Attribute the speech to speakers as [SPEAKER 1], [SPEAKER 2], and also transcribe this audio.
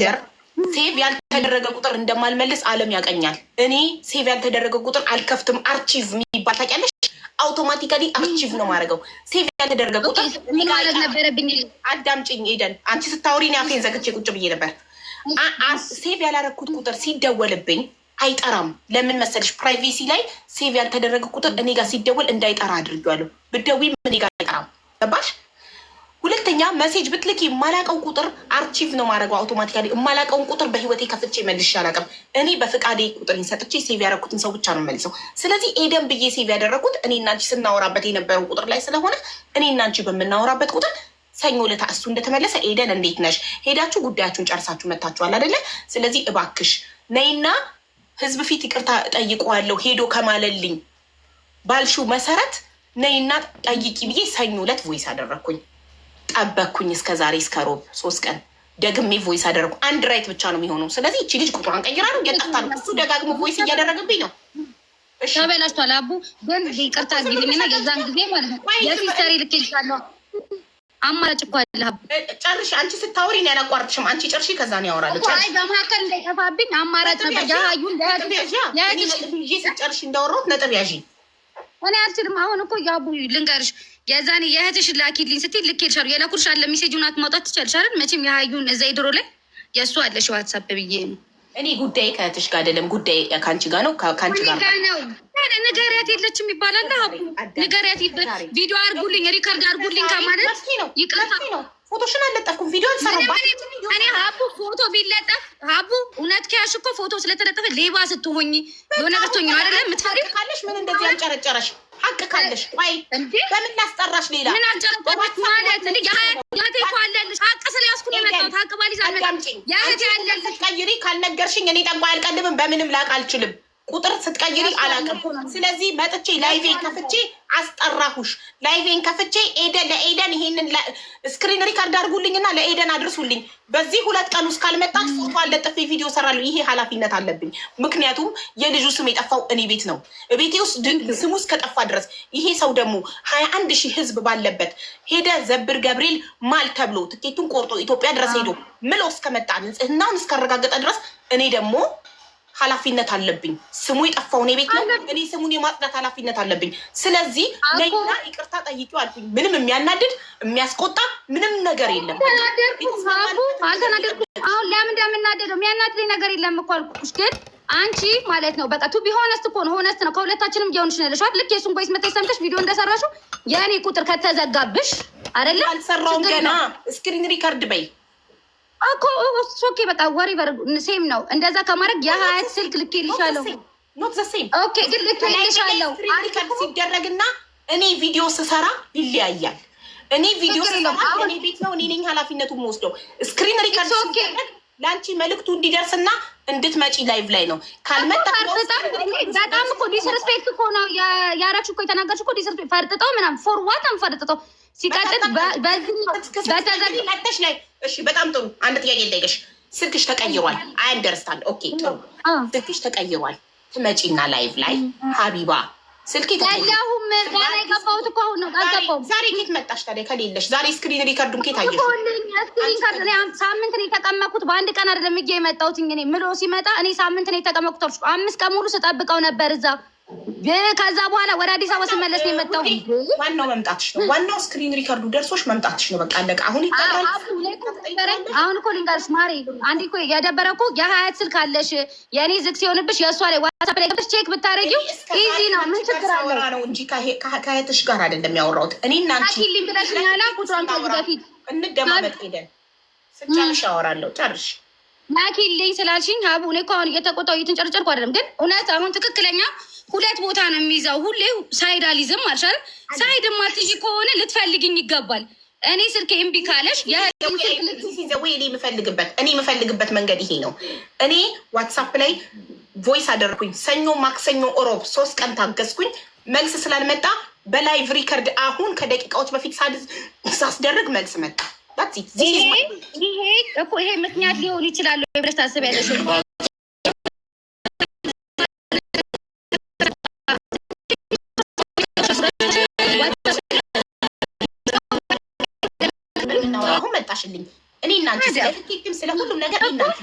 [SPEAKER 1] ነገር ሴቭ ያልተደረገ ቁጥር እንደማልመልስ አለም ያቀኛል። እኔ ሴቭ ያልተደረገ ቁጥር አልከፍትም። አርቺቭ የሚባል ታውቂያለሽ? አውቶማቲካሊ አርቺቭ ነው ማድረገው። ሴቭ ያልተደረገ ቁጥር አዳምጪኝ፣ አንቺ ስታወሪ እኔ አፌን ዘግቼ ቁጭ ብዬ ነበር። ሴቭ ያላረኩት ቁጥር ሲደወልብኝ አይጠራም። ለምን መሰለሽ? ፕራይቬሲ ላይ ሴቭ ያልተደረገ ቁጥር እኔ ጋር ሲደወል እንዳይጠራ አድርጌዋለሁ። ብደዊም እኔ ጋር አይጠራም። ገባሽ? ሁለተኛ መሴጅ ብትልኪ የማላቀው ቁጥር አርቺቭ ነው ማድረገው አውቶማቲካሊ። የማላቀውን ቁጥር በህይወቴ ከፍቼ መልሼ አላውቅም። እኔ በፍቃዴ ቁጥር ሰጥቼ ሴቭ ያደረኩትን ሰው ብቻ ነው መልሰው። ስለዚህ ኤደን ብዬ ሴቭ ያደረኩት እኔ እናንቺ ስናወራበት የነበረው ቁጥር ላይ ስለሆነ እኔ እናንቺ በምናወራበት ቁጥር ሰኞ ለታ እሱ እንደተመለሰ ኤደን እንዴት ነሽ ሄዳችሁ ጉዳያችሁን ጨርሳችሁ መታችኋል አይደለ? ስለዚህ እባክሽ ነይና ህዝብ ፊት ይቅርታ ጠይቀዋለሁ ሄዶ ከማለልኝ ባልሹ መሰረት ነይና ጠይቂ ብዬ ሰኞ ለት ቮይስ አደረግኩኝ። ጠበኩኝ እስከ ዛሬ እስከ ሮብ ሶስት ቀን ደግሜ ቮይስ አደረጉ። አንድ ራይት ብቻ ነው የሚሆነው። ስለዚህ እቺ ልጅ ቁጥሯን ቀይራ ነው እየጠፋ ነው። እሱ ደጋግሞ ቮይስ እያደረገብኝ ነው።
[SPEAKER 2] ተበላሽቷል። አቡ ግን ይቅርታ ግልኝና የዛን ጊዜ ማለት ነው የሲስተሪ ልኬልሻለሁ። አማራጭ እኮ አለ።
[SPEAKER 1] ጨርሽ። አንቺ ስታወሪ ነው ያላቋርጥሽም። አንቺ ጨርሽ፣ ከዛ ነው ያወራለሁ።
[SPEAKER 2] በመካከል እንዳይጠፋብኝ አማራጭ ነበር።
[SPEAKER 1] ያ ዩ ስጨርሽ እንዳወራሁት ነጥብ ያዥ
[SPEAKER 2] እኔ አልችልም። አሁን እኮ ያቡ ልንገርሽ፣ የዛኔ የእህትሽን ላኪልኝ ስትይ ልኬልሻለሁ። የላኩልሽ አለ ሜሴጁን ማውጣት ትችያለሽ አይደል? መቼም የሀዩን እዛ ድሮ ላይ የእሱ አለሽ ዋትሳፕ ብዬ ነው
[SPEAKER 1] እኔ ጉዳይ ከእህትሽ ጋር አይደለም፣ ጉዳይ ከአንቺ ጋር ነው። ከአንቺ ጋር ነው።
[SPEAKER 2] ንገሪያት የለችም ይባላል። ንገሪያት ቪዲዮ አርጉልኝ፣ ሪከርድ አርጉልኝ ከማለት
[SPEAKER 1] ይቅርታ። ፎቶሽን አልለጠፍኩም፣ ቪዲዮ አልሰራሁም።
[SPEAKER 2] እኔ ሀቡ ፎቶ ቢለጠፍ አቡ እውነት ከያሽ እኮ ፎቶ ስለተለጠፈ ሌባ ስትሆኝ የሆነ ቀርቶኝ ነው አይደለም የምትፈሪው
[SPEAKER 1] ካለሽ ምን እንደዚህ አንጨረጨረሽ ሀቅ ካለሽ ወይ በምን ላስጠራሽ ሌላ
[SPEAKER 2] ምን አንጨረጨረሽ ማለት እ ያህቴ እኮ አለልሽ ሀቅ ስለያዝኩ ነው የመጣሁት ሀቅ ባልይዝ አልመጣም ያህቴ
[SPEAKER 1] አለልሽ ቀይሪ ካልነገርሽኝ እኔ ጠንቋይ አልቀልብም በምንም ላቅ አልችልም ቁጥር ስትቀይሪ አላውቅም። ስለዚህ መጥቼ ላይቬን ከፍቼ አስጠራሁሽ። ላይቬን ከፍቼ ኤደን ለኤደን ይሄንን ስክሪን ሪካርድ አድርጉልኝና ለኤደን አድርሱልኝ። በዚህ ሁለት ቀን ውስጥ ካልመጣች ፎቶ አለጥፌ ቪዲዮ ሰራለሁ። ይሄ ኃላፊነት አለብኝ። ምክንያቱም የልጁ ስም የጠፋው እኔ ቤት ነው። ቤቴ ውስጥ ስሙ እስከጠፋ ድረስ ይሄ ሰው ደግሞ ሀያ አንድ ሺህ ህዝብ ባለበት ሄደ ዘብር ገብርኤል ማል ተብሎ ትኬቱን ቆርጦ ኢትዮጵያ ድረስ ሄዶ ምሎ እስከመጣ ንጽህናውን እስካረጋገጠ ድረስ እኔ ደግሞ ኃላፊነት አለብኝ። ስሙ የጠፋው እኔ ቤት ነው። እኔ ስሙን የማጽዳት ኃላፊነት አለብኝ። ስለዚህ ለይና ይቅርታ ጠይቂ አልኩኝ። ምንም የሚያናድድ የሚያስቆጣ ምንም ነገር የለም።
[SPEAKER 2] አሁን ለምን እንደምናደደው የሚያናድደኝ ነገር የለም እኮ አልኩሽ። ግን አንቺ ማለት ነው በቃ ቱቢ ሆነስት እኮ ነው ሆነስት ነው ከሁለታችንም እየሆንሽ ነው ያለሽው። ልክ የሱን ኮይስ መተሽ ሰምተሽ ቪዲዮ እንደሰራሽው የእኔ ቁጥር ከተዘጋብሽ አይደለም
[SPEAKER 1] አልሰራውም ገና ስክሪን ሪከርድ በይ
[SPEAKER 2] እኮ በቃ ወሬ ሴም ነው። እንደዛ ከማድረግ የሀያት ስልክ ልኬልሻለሁ። ኦኬ ግን ልኬልሻለሁ
[SPEAKER 1] ሲደረግና እኔ ቪዲዮ ስሰራ ይለያያል። እኔ ቪዲዮ ስሰራ እኔ ቤት ነው እኔ ነኝ ኃላፊነቱን መወስደው። ስክሪን ሪከርድ ሲደረግ ለአንቺ መልእክቱ እንዲደርስና እንድትመጪ ላይቭ ላይ ነው።
[SPEAKER 2] ካልመጣበጣም እኮ ዲስርስፔክት እኮ ነው ያራችሁ እኮ የተናገርሽ እኮ ዲስርስፔክት ፈርጥጠው ምናምን ፎርዋት አንፈርጥጠው ሲቀጥል በተዘጋሽ ላይ እሺ፣ በጣም ጥሩ። አንድ ጥያቄ ልጠይቅሽ። ስልክሽ ተቀይሯል። አይ አንደርስታንድ። ኦኬ ጥሩ። ስልክሽ ተቀይሯል። ትመጪና ላይቭ ላይ ሀቢባ ስልክ የለሁም ዛሬ የገባሁት እኮ አሁን ነው። አልገባሁም። ዛሬ ኬት መጣሽ ታዲያ ከሌለሽ? ዛሬ ስክሪን ሪከርዱን ኬት አየሽ? ሳምንት ነው የተቀመጥኩት። በአንድ ቀን አይደለም እጌ የመጣሁት። እኔ ምሎ ሲመጣ እኔ ሳምንት ነው የተቀመኩት። አምስት ቀን ሙሉ ስጠብቀው ነበር እዛ ከዛ በኋላ ወደ አዲስ አበባ ስመለስ ነው የመጣው። ዋናው መምጣትሽ ነው። ዋናው ስክሪን ሪከርዱ ደርሶች መምጣትሽ ነው። በቃ አለቀ። አሁን ይጠራል። አሁን እኮ ልንገርሽ ማሪ፣ አንዴ እኮ የደበረ እኮ የሀያት ስልክ አለሽ። የእኔ ዝግ ሲሆንብሽ የእሷ ላይ ዋትሳፕ ላይ ገብተሽ ቼክ ብታደረጊው ኢዚ ነው። ምን ችግር አለው? ነው እንጂ ከሀያትሽ ጋር አይደለም ያወራሁት እኔ እና አንቺ ብለሽኛላ። ቁጥሯን ከዚህ በፊት እንደማመጥ ሄደን ስጨርሽ አወራለሁ። ጨርሽ ላኪልኝ ስላልሽኝ ሀቡ፣ እኔ እኮ አሁን እየተቆጣሁ እየተንጨርጨርኩ አይደለም፣ ግን እውነት አሁን ትክክለኛ ሁለት ቦታ ነው የሚይዘው። ሁሌ ሳይድ አልይዝም አልሻል። ሳይድ ማትጂ ከሆነ ልትፈልግኝ ይገባል። እኔ ስልክ ኤምቢ ካለሽ ወይ እኔ የምፈልግበት እኔ የምፈልግበት መንገድ ይሄ ነው። እኔ ዋትሳፕ ላይ ቮይስ አደረኩኝ። ሰኞ፣ ማክሰኞ፣ ኦሮብ ሶስት ቀን ታገዝኩኝ። መልስ ስላልመጣ በላይቭ ሪከርድ አሁን ከደቂቃዎች በፊት ሳስደርግ መልስ መጣ። ይሄ ምክንያት ሊሆን ይችላል ብለሽ ታስቢያለሽ? ያመጣሽልኝ እኔ እናንቺ ስለ ትኬትም ስለ ሁሉም ነገር እናንቺ